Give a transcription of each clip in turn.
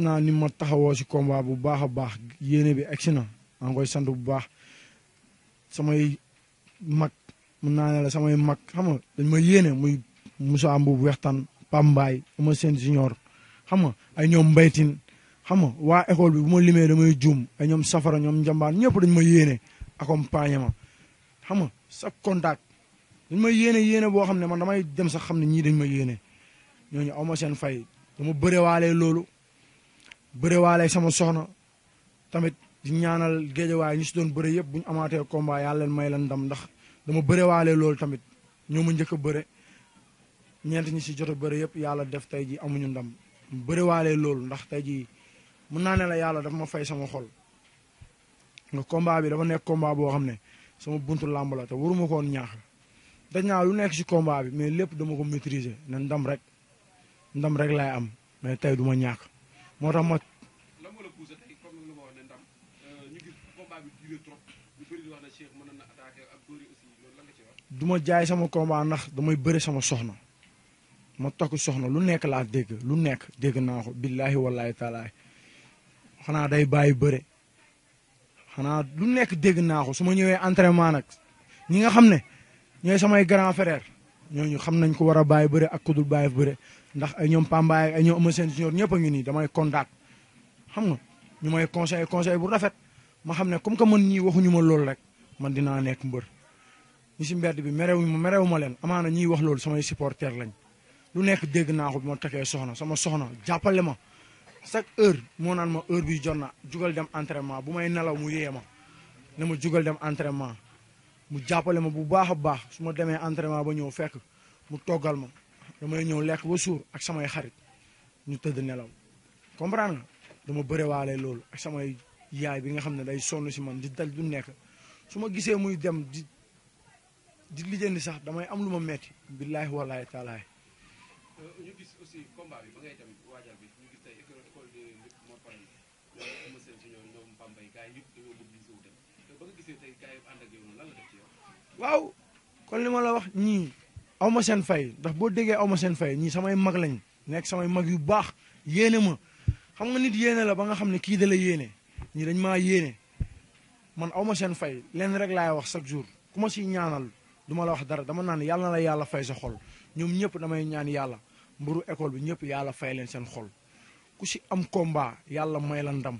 gis naa ni ma taxawoo si combat bu baax a baax yéene bi egsi na maa ngi koy sant bu baax samay mag mun naa ne la samay mag xam nga dañ ma yéene muy Moussa Mboub Wextaan Pambaay ama seen junior xam nga ay ñoom mbaytin xam nga waa école bi bu ma limee damay juum ay ñoom safara ñoom njambaan ñëpp dañ ma yéene accompagné ma xam nga sa contact dañ ma yéene yéene boo xam ne man damay dem sax xam ne ñii dañ ma yéene ñooñu aw ma seen fay dama bëre waalee loolu bëriwaale sama soxna tamit di ñaanal géejawaay ñu si doon bëri yëpp bu ñu amaatee combat yàlla leen may la ndam ndax dama bëriwaale loolu tamit ñoo ma njëkk a bëre ñeent ñi si jot a bëri yëpp yàlla def tey ji amuñu ndam bëriwaale loolu ndax tey ji mun naa ne la yàlla dafa ma fay sama xol nga combat bi dafa nekk combat boo xam ne sama buntu làmb la te waruma koon ñaax daj naa lu nekk si combat bi mais lépp dama ko maîtriser ne ndam rek ndam rek laay am mais tey du ma ñàkk moo tax ma. Euh, du ma jaay sama combat ndax damay bëri sama soxna ma takk soxna lu nekk laa dégg lu nekk dégg naa ko billaahi wallaahi taalaahi xanaa day bàyyi bëre xanaa lu nekk dégg naa ko su ma ñëwee entraînement nag ñi nga xam ne ñooy samay grand frère. ñooñu xam nañ ko war a bàyyi bëre ak kudul bàyyi bëre ndax ay ñoom pambaay ay ñoom ama seen junior ñëpp a ngi nii damay contact xam nga ñu may conseil conseil bu rafet ma xam ne comme que man ñii waxuñu ma loolu rek man dinaa nekk mbër ñi si mbedd bi merewu ma merewu ma leen amaana ñuy wax loolu samay supporter lañ lu nekk dégg naa ko bi ma takkee soxna sama soxna jàppale ma chaque heure moo naan ma heure bi jot na jugal dem entraînement bu may nelaw mu yee na ma jugal dem entraînement mu jàppale ma bu baax a baax su ma demee entraînement ba ñëw fekk mu toggal ma damay ñëw lekk ba suur ak samay xarit ñu tëdd nelaw comprendre nga dama bërewaale loolu ak samay yaay bi nga xam ne day sonn si man di dal du nekk su ma gisee muy dem di di lijjanti sax damay am lu ma metti billaahi wallaahi taalaay euh, ñu gis ba ngay dem waajal bi ñu gis tey école waaw kon li ma la wax ñii aw seen fay ndax boo déggee aw ma seen fay ñii samay mag lañ nekk samay mag yu baax yéene ma xam nga nit yéene la ba nga xam ne kii dalay la yéene ñii dañ maa yéene man aw ma seen fay lenn rek laay wax chaque jour ku ma siy ñaanal duma la wax dara dama naan yàlla la yàlla fay sa xol ñoom ñëpp damay ñaan yàlla mburu école bi ñëpp yàlla fay leen seen xol ku si am komba yàlla may la ndam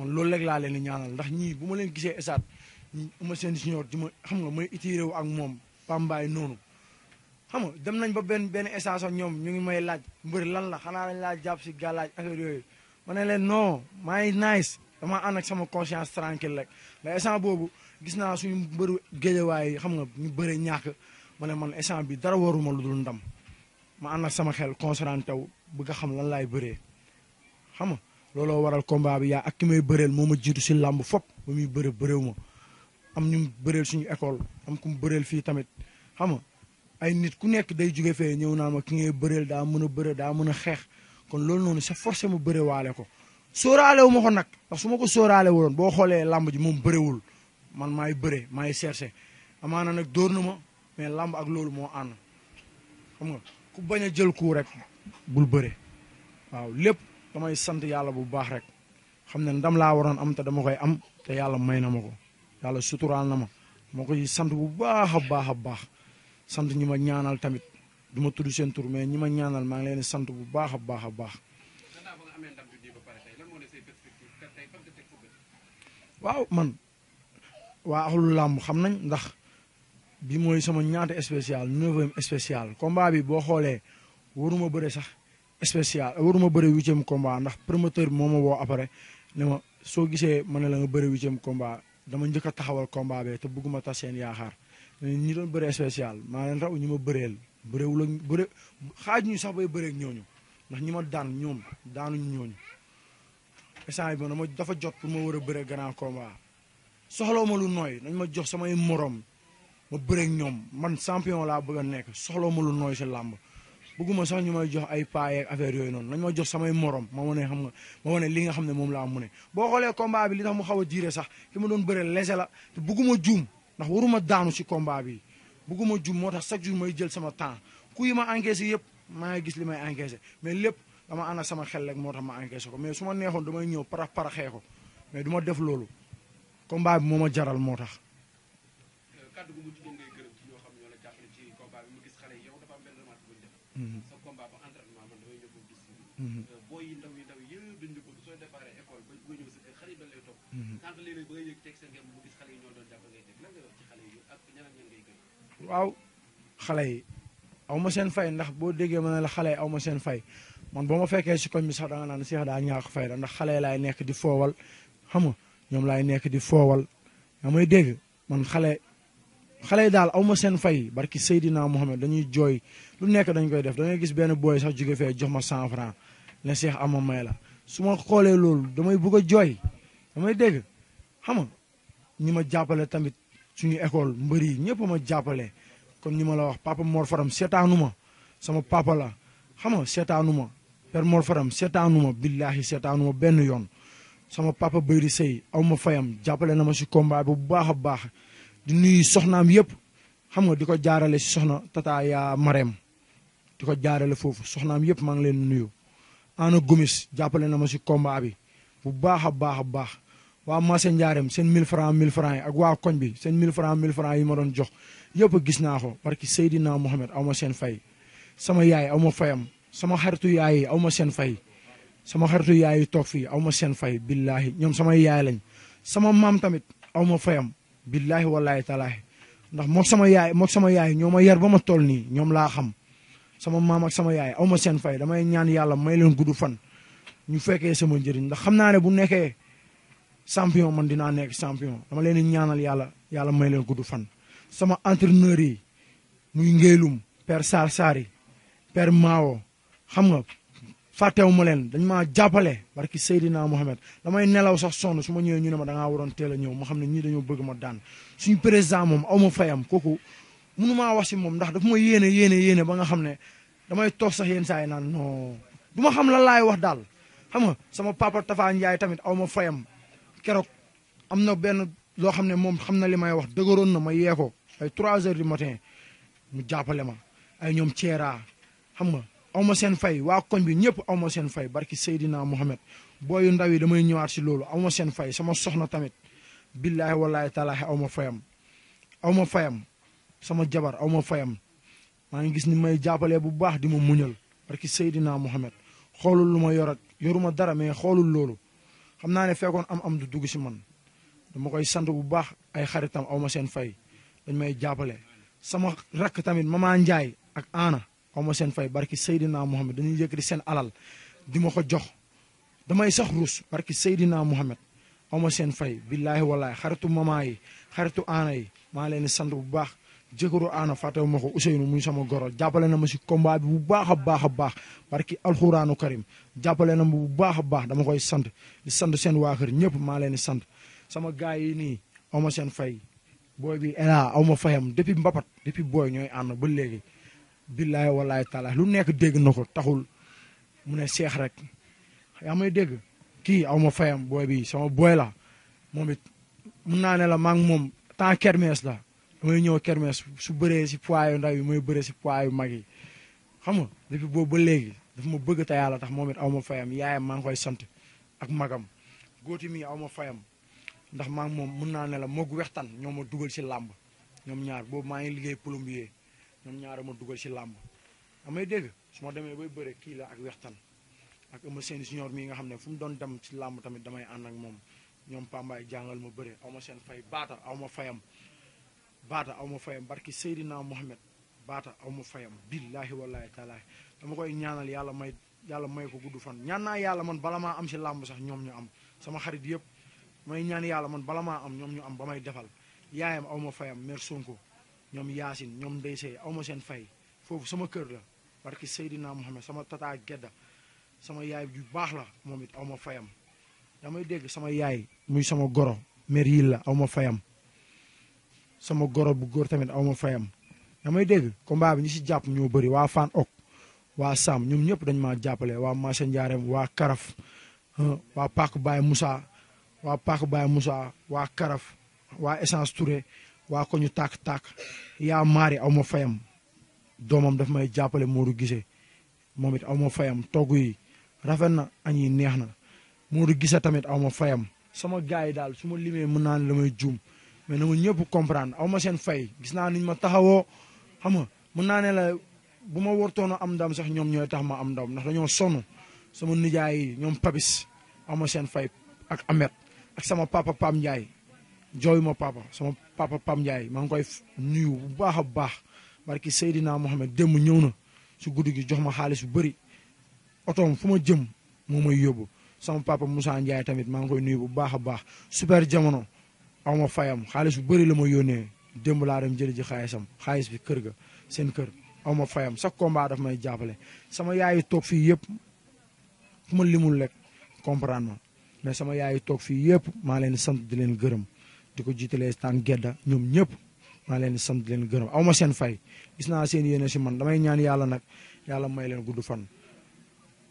man loolu rek laa leen di ñaanal ndax ñii bu ma leen gisee esaat ñi ama seen di ma xam nga may itiré ak moom pambaay noonu xam nga dem nañ ba benn benn station ñoom ñu ngi may laaj mbër lan la xanaa lañ laa jàpp si gàllaaj affaire yooyu ma ne leen noo maa ngi nice damaa ànd ak sama conscience tranquille rek mais boobu gis naa suñu mbëru géejawaay xam nga ñu bëre ñàkk ma ne man instant bi dara waruma lu dul ndam ma ànd sama xel concentré taw bëgg a xam lan laay bëree xam looloo waral combat bi yaa ak ki may bëreel moo ma jiitu si làmb fop ba muy bëre bëreew ma am ñu bëreel suñu école am ku mu bëreel fii tamit xam ay nit ku nekk day jóge fee ñëw naa ma ki ngay bëreel daa mën a bëre daa mën a xeex kon loolu noonu c'est forcé ma bëre ko sóoraale wu ma ko nag su ma ko sóoraale woon boo xoolee làmb ji moom bëriwul man maay bëre maay cherché amaana nag dóor na ma mais làmb ak loolu moo ànd xam nga ku bañ a jël ku rek bul bëre waaw lépp damay sant yàlla bu baax rek xam ne ndam laa waroon am te dama koy am te yàlla may na ma ko yàlla suturaal na ma ko koy sant bu baax a baax a baax sant ñi ma ñaanal tamit du ma tudd seen tur mais ñi ma ñaanal maa ngi leen sant bu baax a baax a baax. waaw man waa axlu làmb xam nañ ndax bi mooy sama ñaata spécial neuvième spécial combat bi boo xoolee waruma bëre sax. spécial waruma bëre huitième combat ndax promoteur bi wo après ne ma soo gisee ma la nga bëre huitième combat dama njëkk taxawal combat bi te bëgguma ta seen yaakaar ñi doon beure spécial ma leen raw ñuma ma bëreel beure xaj ñu sax bay beure ak ñooñu ndax ñima ma daan ñoom daanuñu ñooñu essay bi dama dafa jot pour ma wara beure grand combat soxlaw ma lu noy nañ ma jox sama morom ma beure ak ñoom man champion la bëgg nekk soxlaw ma lu noy ci lamb bëgguma sax ñu may jox ay paayeeg affaire yooyu noonu nañ ma jox samay morom ma wane xam nga ma wane li nga xam ne moom laa mu boo xoolee combat bi li tax mu xaw a jiire sax ki ma doon bëre lese la te bëgguma juum ndax waruma daanu si combat bi bëgguma juum moo tax chaque jour may jël sama temps ku ma encaissé yëpp maa ngi gis li may encaissé mais lépp dama ànd ak sama xel rek moo tax ma encaissé ko mais su ma neexoon damay ñëw parax paraxee ko mais du def loolu combat bi moo ma jaral moo tax Mhm. sa combat ba entraînement man mhm. euh, booy yi ndaw yi ndaw yëpp dañ ñu bëgg soo déparé école ba xale yi waaw xale yi aw ma seen fay ndax boo déggee ma ne la xale yi aw ma seen fay man boo ma fekkee si koñ bi sax da nga naan Cheikh daa ñaax fay ndax xale yi laay nekk di foowal xam ñoom laay nekk di foowal nga dégg man xale xale yi daal awma seen fay barki Seydina Mohamed dañuy jooy lu nekk dañ koy def da gis benn booy sax jóge fee jox san cent franc ne Cheikh ama may la su ma xoolee loolu damay bugg a jooy damay dégg xam nga ñi ma jàppale tamit suñu école mbër yi ñëpp ma jàppale kon ñi ma la wax papa Mor Faram seetaanu ma sama papa la xam seetaanu ma père Mor Faram seetaanu ma billaahi seetaanu ma benn yoon sama papa Bayri Sey aw ma fayam jàppale na ma si combat bu baax a baax di nuyu soxnaam yëpp xam nga di ko jaarale si soxna tata yaa Marème di ko jaarale foofu soxnaam yëpp maa ngi leen nuyu. Ana Gomis jàppale na ma si combat bi bu baax a baax a baax waa Massé Ndiarème seen mill f 1000F yi ak waa koñ bi seen mill f 1000F yi ma doon jox yëpp gis naa ko parce que Seydina Mohamed aw ma seen fay. sama yaay aw ma fayam sama xaritu yaay aw ma seen fay sama xaritu yaay toog fii aw ma seen fay billaahi ñoom samay yaay lañ sama maam tamit aw fayam. billahi wallahi talaahi ndax mok sama yaay mok sama yaay ñoma yar ba ma toll ni ñom la xam sama mam ak sama yaay awma sen fay damay ñaan yalla may leen guddu fan ñu fekke sama njëriñ ndax xamna ne bu nekké champion man dina nekk champion dama leen ñaanal yalla yalla may leen guddu fan sama entraîneur yi muy ngeelum père sar sari père xam nga fàttewu ma leen dañ maa jàppale barki Seydina Mohamed damay nelaw sax sonn su ma ñëwee ñu ne ma da waroon teel a ñëw ma xam ne ñii dañoo bëgg ma daan suñu président moom aw ma fayam kooku mënu maa wax si moom ndax daf ma yéene yéene yéene ba nga xam ne damay toog sax yenn saa yi naan non du ma xam lan laay wax daal xam sama papa Tafa Ndiaye tamit aw ma fayam keroog am na benn loo xam ne moom xam na li may wax dëgëroon na ma yee ko ay 3 heures du matin mu jàppale ma ay ñoom ceeraa xam nga. aw ma seen fay waa koñ bi ñëpp aw ma seen fay barki Seydina Mohamed booyu ndaw yi damay ñëwaat si loolu aw seen fay sama soxna tamit billaahi wallaahi taalaahi aw ma fayam awma ma fayam sama jabar aw ma fayam maa ngi gis ni may jàppale bu baax di ma muñal barki Seydina Mohamed xoolul lu ma yor ak yoruma dara mais xoolul loolu xam naa ne fekkoon am-am du dugg si man dama koy sant bu baax ay xaritam aw ma seen fay dañ may jàppale sama rakk tamit maman Ndiaye ak Aana. xaw seen fay barki Seydina Mohamed dañuy yëkkati seen alal di ma ko jox damay sax ruus barki Seydina Mohamed xaw seen fay billaahi wallaahi xaritu mama yi xaritu aana yi maa leen sant bu baax jëkkëru aana fàttewu ma ko Ousseynou muy sama goro jàppale na ma si combat bi bu baax a baax a baax barki alxuraanu karim jàppale na ma bu baax a baax dama koy sant di sant seen waa kër ñëpp maa leen di sant sama gars yi nii xaw seen fay booy bi elaa aw ma fayam depuis mbapat depuis booy ñooy ànd ba léegi billaay walaay taala lu nekk dégg na ko taxul mu ne seex rek yaa may dégg kii aw ma fayam booy bi sama booy la moom it mun naa ne la maa moom temps kermesse la damay ñëw kermesse su bëree si poids yu ndaw yi may bëree si poids yu mag yi xam nga depuis boobu ba léegi dafa ma bëgg te yàlla tax moom it ma fayam yaayam maa ngi koy sant ak magam góoti mi ma fayam ndax maa moom mun naa ne la moog wextan ñoo ma dugal si làmb ñoom ñaar boobu maa ngi liggéey plombier ñom ñaara ma duggal ci lamb amay dégg suma démé bay bëre ki la ak wextan ak Eumeu seen junior mi nga xamné fu mu doon dem ci lamb tamit damay and ak mom ñom pambaay jangal ma bëre awma seen fay baata awma fayam baata awma fayam barki Seydina muhammad baata awma fayam billahi wallahi ta'ala dama koy ñaanal yalla may yalla may ko guddu fan ñaan na yalla man bala am ci lamb sax ñom ñu am sama xarit yépp may ñaan yalla man bala am ñom ñu am bamay defal yaayam awma fayam mère Sonko ñom yasin ñom ndey awma sen fay fofu sama kër la barki seydina muhammad sama tata gedda sama yaay ju baax la momit awma fayam damay dégg sama yaay muy sama goro mer yi la awma fayam sama goro bu gor tamit awma fayam damay dégg combat bi ñi si japp ñoo bëri wa fan ok wa sam ñom ñëpp dañ jappalé wa ma sen njaareem wa karaf wa pak baye musa wa pak baye wa wa karaf wa essence touré waa ko ñu tàkk-tàkk yaa maari aw ma fayam doomam daf may jàppale Modou Guissé moom it awma fayam togg yi rafet na añ neex na Modou Guissé tamit aw fayam sama gars yi daal su ma limee mën naa ne may juum mais na ma ñëpp comprendre aw ma seen fay gis naa niñ ma taxawoo xam mën naa ne la bu ma wartoon am ndam sax ñoom ñooy tax ma am ndaw ndax dañoo sonn sama nijaay yi ñoom Papis aw ma seen fay ak Amet ak sama papa Pam Ndiaye jooyu ma papa sama papa Pam Ndiaye maa ngi koy nuyu bu baax a baax barki Seydina Mohamed démb ñëw na si guddi gi jox ma xaalis bu bëri otoom fu ma jëm moo may yóbbu sama papa Moussa Ndiaye tamit maa ngi koy nuyu bu baax a baax super jamono aw ma fayam xaalis bu bëri la ma yónnee démb laa dem jëli ji xaalisam xaalis bi kër ga seen kër aw ma fayam chaque combat daf may jàppale sama yaayu toog fii yëpp fu ma limul rek comprendre ma mais sama yaayu toog fii yëpp maa leen sant di leen gërëm di ko jiitalee staan gedda ñoom ñëpp maa leen di sant leen gërëm aw ma seen fay gis naa seen yéene si man damay ñaan yàlla nag yàlla may leen gudd fan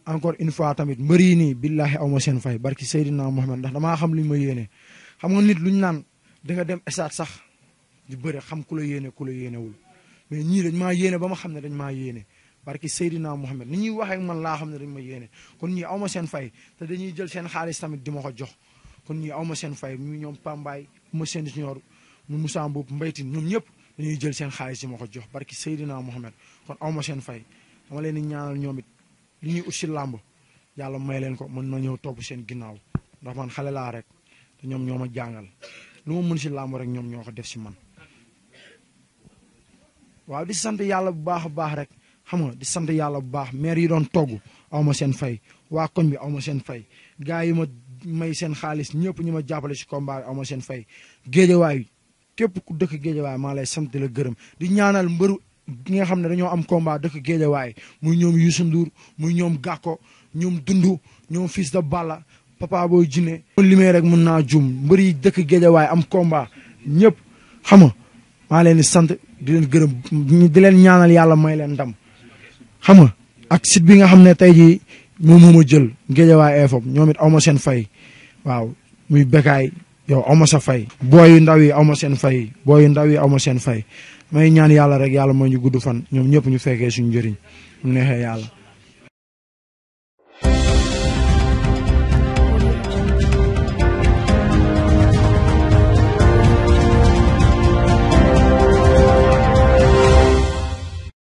encore une fois tamit mbër yi nii billaahi aw ma seen fay barki Seydina Mohamed ndax damaa xam li ma yéene xam nga nit lu ñu naan da dem estaat sax di bëri xam ku la yéene ku yéenewul mais ñii dañ maa yéene ba ma xam ne dañ maa yéene barki Seydina Mohamed ni ñuy waxee ak man laa xam ne dañ ma yéene kon ñii aw ma seen fay te dañuy jël seen xaalis tamit di ma ko jox kon ñii aw ma seen fay ñu ñoom Pambaay Eumeu Sène Junior mu Moussa Mboup Mbaye Tine ñoom ñëpp dañuy jël seen xaalis yi ma ko jox barki Seydina Mohamed kon aw ma seen fay dama leen di ñaanal ñoom it li ñuy ut si làmb yàlla may leen ko mën na ñëw topp seen ginnaaw ndax man xale laa rek te ñoom ñoo ma jàngal lu ma mën si làmb rek ñoom ñoo ko def si man. waaw di sant yàlla bu baax a baax rek xam nga di sant yàlla bu baax maire yi doon togg aw ma seen fay waa koñ bi aw seen fay gars yi ma may seen xaalis ñëpp ñu ma jàppale si combat aw ma seen fay géejawaay képp ku dëkk géejawaay maa lay sant di la gërëm di ñaanal mbëru gi nga xam ne dañoo am combat dëkk géejawaay muy ñoom Youssou muy ñoom Gàkko ñoom Dundu ñoom Fils de Balla Papa Boy Djiné limee rek mën naa jum mbër yi dëkk géejawaay am combat ñëpp xam nga maa leen di sant di leen gërëm di leen ñaanal yàlla may leen dam xam ak site bi nga xam ne tey jii moom moo jël Guédiawaye FM ñoom it aw ma seen fay waaw muy bekaay yow aw sa fay booy yu ndaw yi aw ma seen fay booy ndaw yi aw seen fay may ñaan yàlla rek yàlla moo ñu gudd fan ñoom ñëpp ñu fekkee suñu njëriñ mu neexee yàlla.